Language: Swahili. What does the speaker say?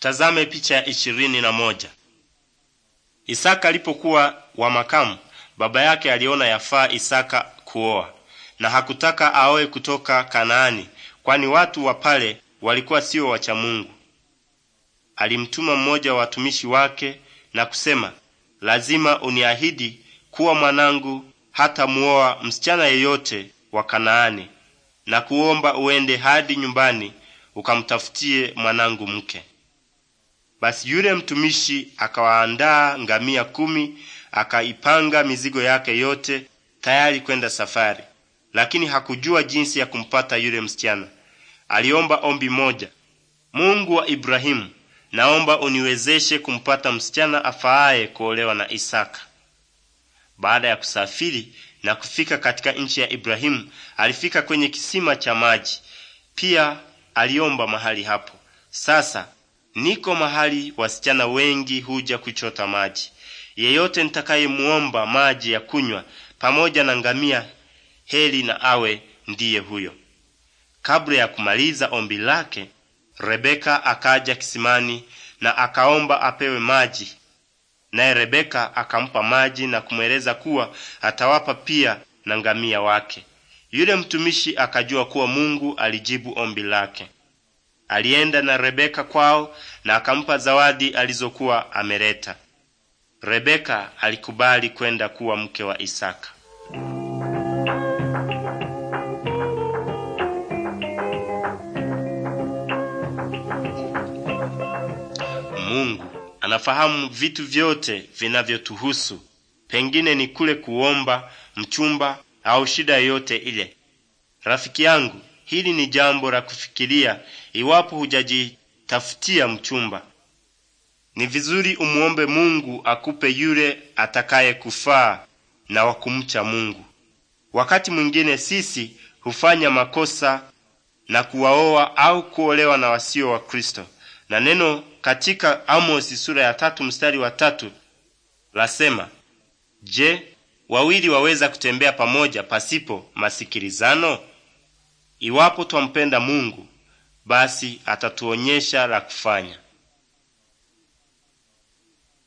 Tazame picha ya ishirini na moja. Isaka alipokuwa wa makamu, baba yake aliona yafaa Isaka kuoa, na hakutaka aoe kutoka Kanaani, kwani watu wa pale walikuwa sio wacha Mungu. Alimtuma mmoja wa watumishi wake na kusema, lazima uniahidi kuwa mwanangu hata hatamuoa msichana yeyote wa Kanaani, na kuomba uende hadi nyumbani ukamtafutie mwanangu mke. Basi yule mtumishi akawaandaa ngamia kumi, akaipanga mizigo yake yote tayari kwenda safari, lakini hakujua jinsi ya kumpata yule msichana. Aliomba ombi moja: Mungu wa Ibrahimu, naomba uniwezeshe kumpata msichana afaaye kuolewa na Isaka. Baada ya kusafiri na kufika katika nchi ya Ibrahimu, alifika kwenye kisima cha maji. Pia aliomba mahali hapo. Sasa niko mahali wasichana wengi huja kuchota maji. Yeyote nitakayemwomba maji ya kunywa pamoja na ngamia, heli na awe ndiye huyo. Kabla ya kumaliza ombi lake, Rebeka akaja kisimani na akaomba apewe maji, naye Rebeka akampa maji na kumweleza kuwa atawapa pia na ngamia wake. Yule mtumishi akajua kuwa Mungu alijibu ombi lake alienda na Rebeka kwao na akampa zawadi alizokuwa ameleta. Rebeka alikubali kwenda kuwa mke wa Isaka. Mungu anafahamu vitu vyote vinavyotuhusu. Pengine ni kule kuomba mchumba au shida yoyote ile. Rafiki yangu, hili ni jambo la kufikiria iwapo hujajitafutia mchumba. Ni vizuri umuombe Mungu akupe yule atakaye kufaa na wakumcha Mungu. Wakati mwingine sisi hufanya makosa na kuwaoa au kuolewa na wasio wa Kristo, na neno katika Amosi sura ya tatu mstari wa tatu lasema, Je, wawili waweza kutembea pamoja pasipo masikilizano? Iwapo twampenda Mungu, basi atatuonyesha la kufanya.